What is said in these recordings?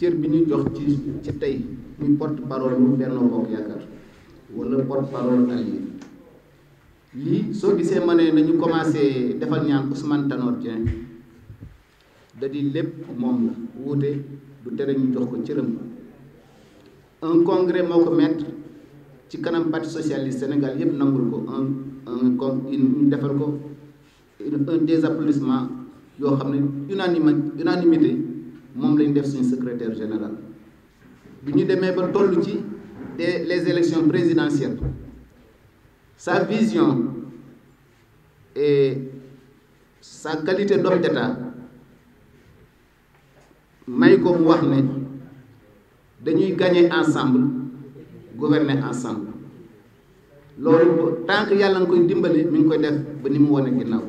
cër bi ñu jox ci ci tey muy porte parole mu Benno Bokk Yaakaar wala porte parole allié lii soo gisee ma ne nañu commencé defal ñaan Ousmane Tanor Dieng da di lépp moom la wuute du tere ñu jox ko cëram un congrès moo ko mettre ci kanam parti socialiste Sénégal yëpp nangul ko un un con une defal ko un des applaudissements yoo xam ne unanimité moom lañu def suñu secrétaire général bi ñu demee ba tollu ci te les élections présidentielles sa vision et sa qualité d'homme d'État may ko mu wax ne dañuy gagner ensemble gouverner ensemble loolu tant que yàlla nga koy dimbale mi ngi koy def ba ni mu wane ginnaaw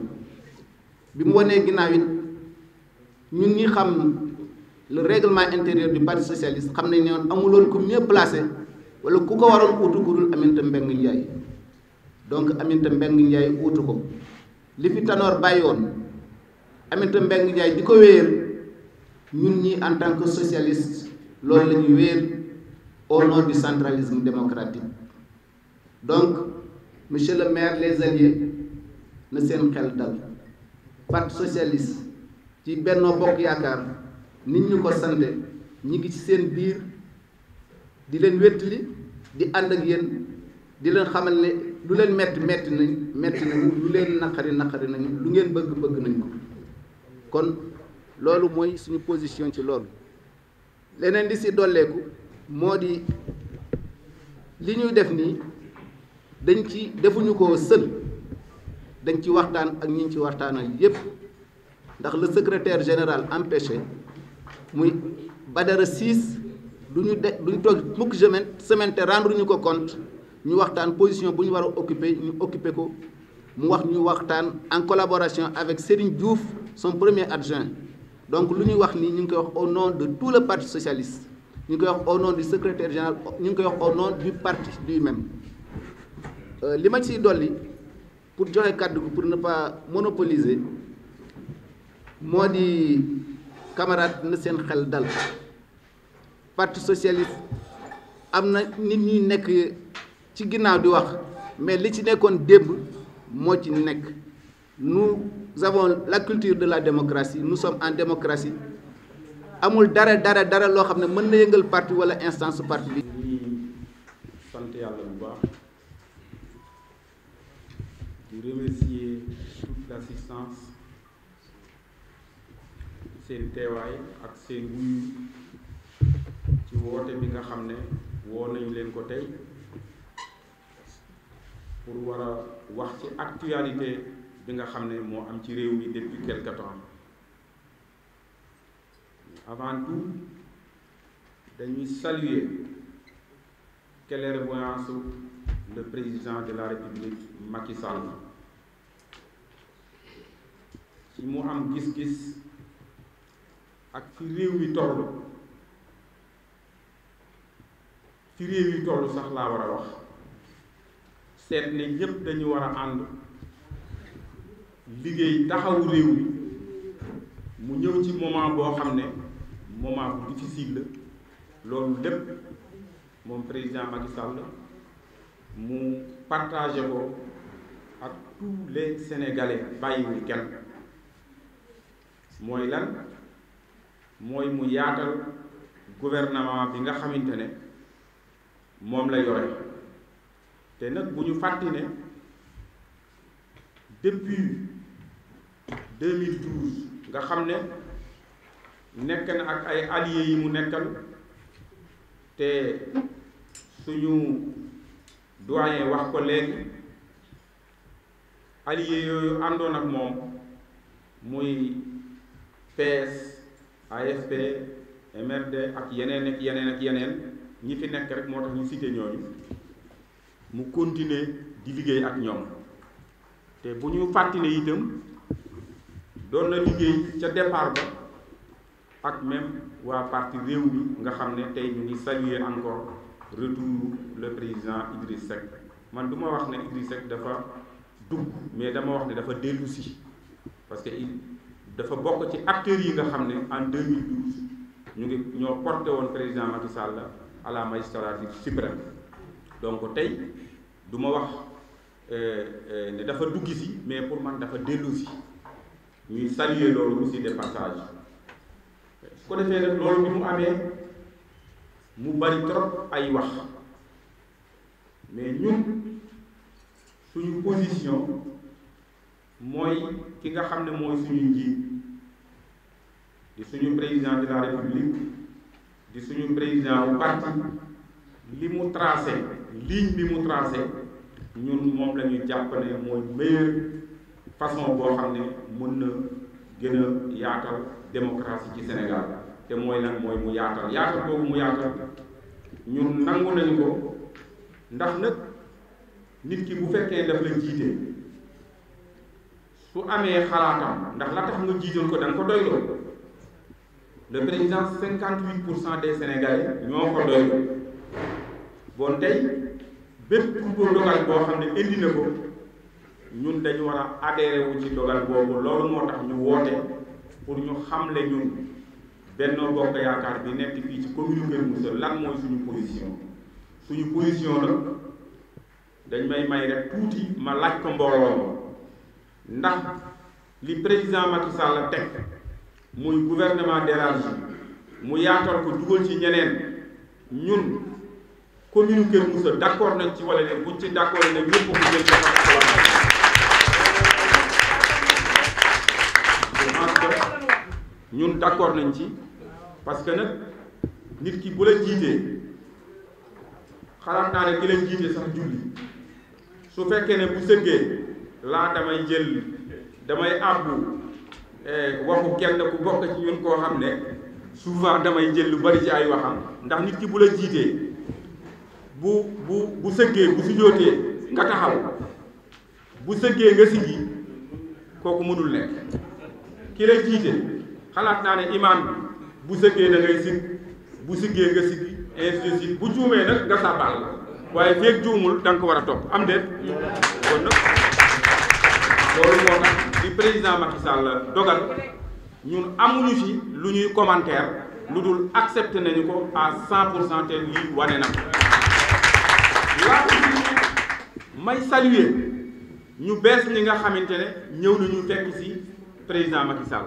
bi mu wanee ginnaaw it ñun ñi xam le règlement intérieur du parti socialiste xam nañ ne woon amuloon ku mieux placé wala ku ko waroon uutu ku dul Aminata Mbengue Ndiaye donc Aminata Mbengue Ndiaye uutu ko li fi Tanor bàyyi woon Aminata Mbengue Ndiaye di ko wéyal ñun ñi en tant que socialiste loolu la ñuy wéyal au nom du centralisme démocratique donc monsieur le maire les alliés na seen xel dal parti socialiste ci Benno Bokk Yaakaar nit ñu ko sande ñi ngi ci seen biir di leen wétali di ànd ak yéen di leen xamal ne lu leen metti metti nañ metti nañu lu lu ngeen bëgg bëgg nañu ko kon loolu mooy suñu position ci loolu leneen di si dolleeku moo di li ñuy def nii dañ ci defuñu ko sël dañ ci waxtaan ak ñi ñu ci waxtaanal yépp ndax le secretaire général empêché muy Badara du ñu de duñu toog mukk semaine semaine te rendre ñu ko compte ñu waxtaan position bu ñu war a occuper ñu occuper ko mu wax ñu waxtaan en collaboration avec Serigne Diouf son premier adjoint donc lu ñuy wax nii ñu ngi koy wax au non de tout le parti socialiste ñu ngi koy wax au nom du secrétaire général ñu ngi koy wax au nom du parti lui-même euh, li ma ciy dolli pour joxe kàddu pour ne pas monopoliser moo di camarade na seen xel dal parti socialiste am na nit ñuy nekk ci ginnaaw di wax mais li ci nekkoon démb moo ci nekk nu avons la culture de la démocratie nu sommes en démocratie amul dara dara dara loo xam ne mën na yëngal parti wala instance su parti bi. di sant yàlla bu baax di seen teewaay ak seen wuyu ci woote bi nga xam ne woo lañu leen ko tey pour war wax ci actualité bi nga xam ne moo am ci réew mi depuis quelque avant tout dañuy saluer clairvoyance le président de la république Macky Sall ci mu am gis-gis ak ci réew mi toll fi réew yi toll sax laa war a wax seet ne ñépp dañu war a ànd liggéey taxawu réew mi mu ñëw ci moment boo xam ne moment bu difficile loolu lépp moom président Macky Sall mu partage ko ak tous les sénégalais bàyyiwul kenn mooy lan mooy mu yaatal gouvernement bi nga xamante ne moom la yore te nag bu ñu fàtti ne depuis 2012 nga xam ne nekk na ak ay alliés yi mu nekkal te suñu doyen wax ko léegi alliés yooyu àndoon ak moom muy PS AFP MRD ak yeneen ak yeneen ak yeneen ñi fi nekk rek moo tax ñu cité ñooñu mu continuer di liggéey ak ñoom te bu ñu fàttine itam doon na liggéey ca depart ba ak même waa parti réew mi nga xam ne tey ñu ngi saluer encore retour le président Idriss Seck man du ma wax ne Idriss Seck dafa dugg mais dama wax ne dafa dellu si que il dafa bokk ci acteurs yi nga xam ne en 2012 ñu ngi ñoo porté woon président Macky Sall à la si suprême donc tey du ma wax euh, euh, ne dafa dugg si mais pour man dafa dellu si ñuy saluer loolu si de passage su ko defee nag loolu bi mu amee mu bari trop ay wax mais ñun suñu position mooy ki nga xam ne mooy suñu njiit di suñu président de la république di suñu président wu parti li mu tracé ligne bi mu tracé ñun moom la ñu jàpp ne mooy meilleure façon boo xam ne mën na gën a yaatal démocratie ci Sénégal te mooy lan mooy mu yaatal yaatal boobu mu yaatal ñun nangu nañu ko ndax nag nit ki bu fekkee daf la jiite. su amee xalaatam ndax la tax nga jiital ko da nga ko doyloo le président cinquante huit pour cent des sénégalais ñoo ko doyloo bon tey bépp bu dogal boo xam ne indi na ko ñun dañu war a adhéré wu ci dogal boobu loolu moo tax ñu woote pour ñu xamle ñun Benno Bokk Yaakaar bi nekk fii ci commune Kër lan mooy suñu position suñu position la dañ may may rek tuuti ma laaj ko mbooloo ndax li président Macky Sall teg muy gouvernement d'élargissement mu yaatal ko dugal ci ñeneen ñun commune Kër d'accord nañ ci wala ne buñ ci d'accord ne ñëpp ko jël defar nañ ci parce que nag nit ki bu la jiitee xalaat naa ne ki la jiite sax julli su fekkee ne bu sëggee laa damay jël damay àbbu eh, waxu kenn ku bokk ci ñun koo xam ne souvent damay jël lu bari ci ay waxam ndax nit ki bu la jiitee bu bu bu sëggee bu sujjóotee nga taxawu bu sëggee nga siggi kooku mënul nekk ki la jiite xalaat naa ne imaam bi bu sëggee da ngay sigg bu siggee nga siggi ainsi de suite bu juumee nag nga sàbbaal la waaye feeg juumul da ko war a topp am déet kon nag loolu moo tax di président Macky Sall dogal ñun amuñu fi lu ñuy commentaire lu dul accepté nañu ko à 100 pour cent te wane na ko may saluer ñu bees ñi nga xamante ne ñëw nañu fekk ci président Macky Sall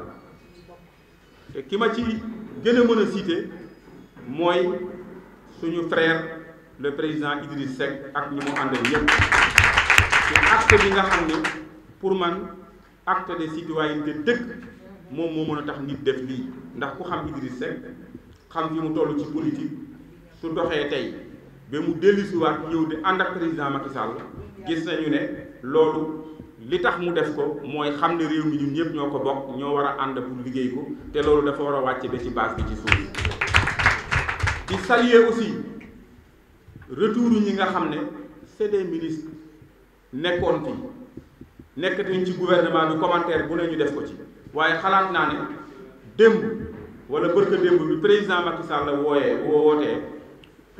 te ki ma ci gën a mën mooy suñu frère le président Idriss Seck ak ñu mu àndal yépp ci acte bi nga xam ne pour man acte de citoyenneté dëkk moom moo mën a tax nit def lii ndax ku xam Idriss Seck xam fi mu toll ci politique su doxee tey ba mu dellusiwaat ñëw di ànd ak président Macky Sall gis nañu ne loolu li tax mu def ko mooy xam ne réew mi ñun ñëpp ñoo ko bokk ñoo war a ànd pour liggéey ko te loolu dafa war a wàcce ba ci base bi ci suuf di saluer aussi retour ñi nga xam ne c'est des ministres nekkoon fi nekkatuñ ci gouvernement bi commentaire bu ne ñu def ko ci waaye xalaat naa ne démb wala bërka démb bi président Macky Sall la wooyee woo wootee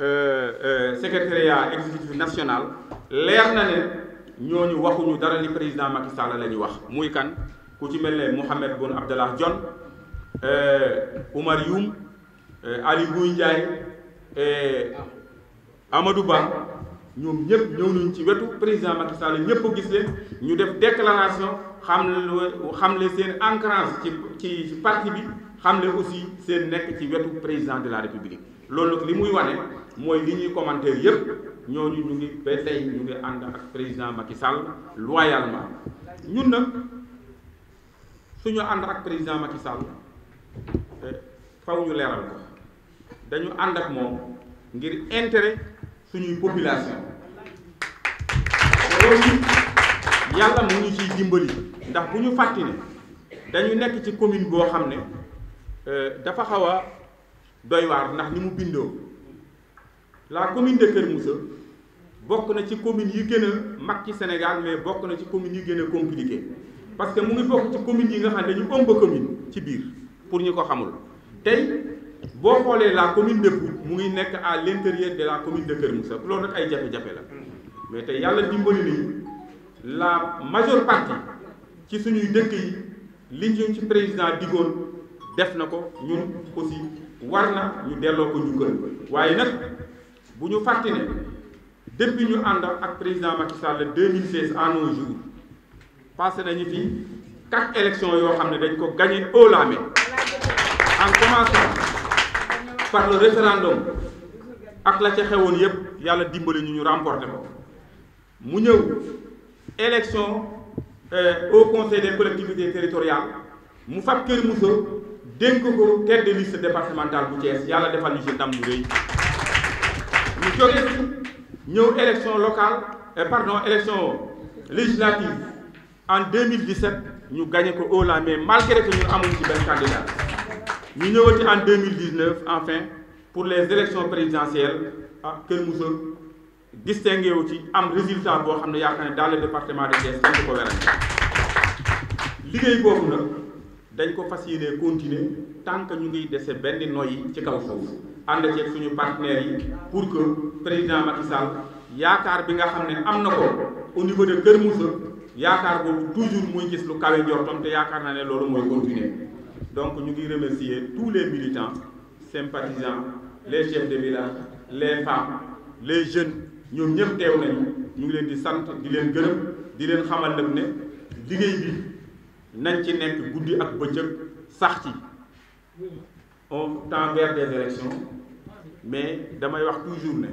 euh, euh, secrétariat exécutif national leer na ne ñooñu waxuñu dara li président Macky Sall la ñu wax muy kan ku ci mel ne Mouhamed Boun Abdallah Dionne euh, Oumar Youm Ali Ngouille Ndiaye Amadou Ba ñoom ñëpp ñëw nañ ci wetu président Macky Sall ñëpp gis leen ñu def déclaration xam xamle seen ancrage ci ci parti bi xam xamle aussi seen nekk ci wetu président de la république loolu nag li muy wane mooy li ñuy commentaire yëpp ñooñu ñu ngi ba tey ñu ngi ànd ak président Macky Sall loyalement ñun nag suñu ànd ak président Macky Sall eh, faw ñu leeral ko dañu ànd ak moom ngir intérêt. suñuy population loolu yàlla mu ñu ciy dimbali ndax bu ñu fàttali ne dañu nekk ci commune boo xam ne euh, dafa xaw a doy waar ndax ni mu bindoo la commune de Kër Moussa bokk na ci commune yi gën a mag ci Sénégal mais bokk na ci commune yi gën a compliqué parce que mu ngi bokk ci commune yi nga xam ne dañu ëmb commune ci biir pour ñu ko xamul tey boo xoolee la commune de Pout mu ngi nekk à l'intérieur de la commune de Kër Moussa loolu nag ay jafe-jafe la mais te yàlla dimbali nañu la majeure partie ci suñuy dëkk yi li ñu ci président digoon def na ko ñun aussi war na ñu delloo ko njukkal waaye nag bu ñu fàtte ne depuis ñu ànd ak président Macky Sall 2016 à nos jours passé nañu fi quatre élections yoo xam ne dañ ko gagné haut la main en commençant par le référendum ak la ca xewoon yépp yàlla dimbali ñu ñu remporté ko mu ñëw élection euh, au conseil des collectivités territoriales mu fab Kër Moussa dénk ko tête de liste départementale bu Thiès yàlla defal ñu ci ndam lu rëy ñu jóge ci ñëw élection locale euh, pardon élection législative en 2017 ñu gagné ko haut la mais malgré que ñun amuñu ci benn candidat ñu ñëwati en 2019 enfin pour les élections présidentielles ah Kër Moussa distingué wu ci am résultat boo xam ne yaakaar ne dans le département de Thiès kenn du ko werante liggéey boobu nag dañ ko fas yéenee continuer tant que ñu ngi dese benn noyyi ci kaw suuf ànd ceeg suñu partenaires yi pour que président Macky yaakaar bi nga xam ne am na ko au niveau de Kër Moussa yaakaar boobu toujours muy gis lu kawe njortam te yaakaar naa ne loolu mooy continuer. donc ñu ngi remercier tous les militants sympathisants les chefs de village les femmes les jeunes ñoom ñëpp teew nañu ñu ngi leen di sant di leen gërëm di leen xamal nag ne liggéey bi nañ ci nekk guddi ak bëccëg sax ci on temps vers des élections mais damay wax toujours ne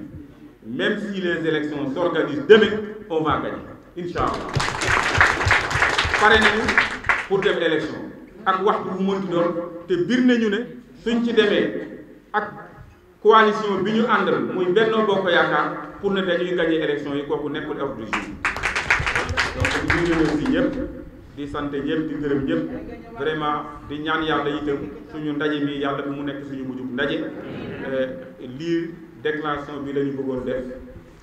même si les élections s'organisent demain on va gagner incha allah pare nañu pour dem élection ak waxtu bu mënti doon te biir nañu ne suñ ci demee ak coalition bi ñu àndal muy Benno Bokk Yaakaar pour ne dañuy gagné élection yi kooku nekkul hors du jeu donc ñu ñëwee si ñëpp di sant ñëpp di gërëm ñëpp vraiment di ñaan yàlla itam suñu ndaje mi yàlla bi mu nekk suñu mujjub ndaje euh, lii déclaration bi la ñu bëggoon def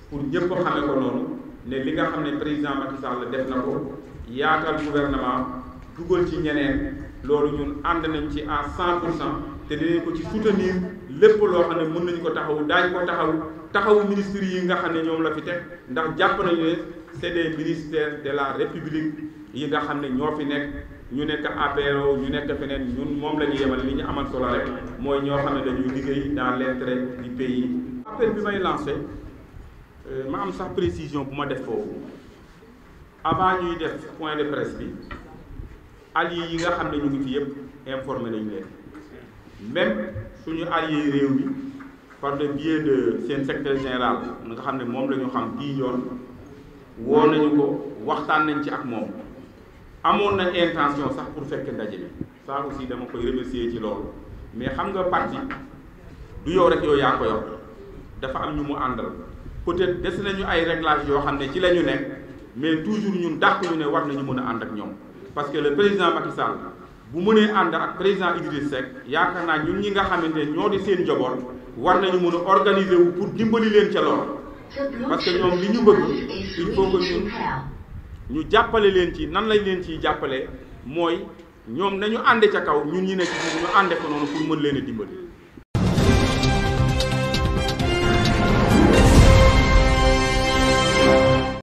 pour ñëpp xamee ko noonu ne li nga xam ne président Macky Sall def na ko yaatal gouvernement dugal ci ñeneen loolu ñun ànd nañ ci à 100 pour cent te dinañ ko ci soutenir lépp loo xam ne mën nañ ko taxawu daañ ko taxawu taxawu ministre yi nga xam ne ñoom la fi teg ndax jàpp nañu ne c'est des ministères de la république yi nga xam ne ñoo fi nekk ñu nekk APRO ñu nekk feneen ñun moom la ñu yemal li ñu amal solo rek mooy ñoo xam ne dañuy liggéey dans l'intérêt du pays. appel bi may lancé euh, ma am sax précision bu ma def foofu avant ñuy def point de presse bi. alliés yi nga xam ne ñu ngi fi yëpp informé nañu leen même suñu alliés réew mi par le biais seen secteur général nga xam ne moom la ñu xam kii yoon woo nañu ko waxtaan nañ ci ak moom amoon na intention sax pour fekk ndaje mi ça si dama koy remercier ci loolu mais xam nga parti du yow rek yow yaa ko yor dafa am ñu mu àndal peut-être des nañu ay réglages yoo xam ne ci la ñu nekk mais toujours ñun dàq ñu ne war nañu mën a ànd ak ñoom. parce que le président Macky Sall bu mënee ànd ak président Idriss Seck yaakaar naa ñun ñi nga xamante ne ñoo di seen njaboot war nañu mën a wu pour dimbali leen ca lool parce que ñoom li ñu bëgg il faut ñun ñu jàppale leen ci nan lañ leen ciy jàppale mooy ñoom nañu ànde ca kaw ñun ñi nekk ci ñu ànde ko noonu pour mën leen a dimbali.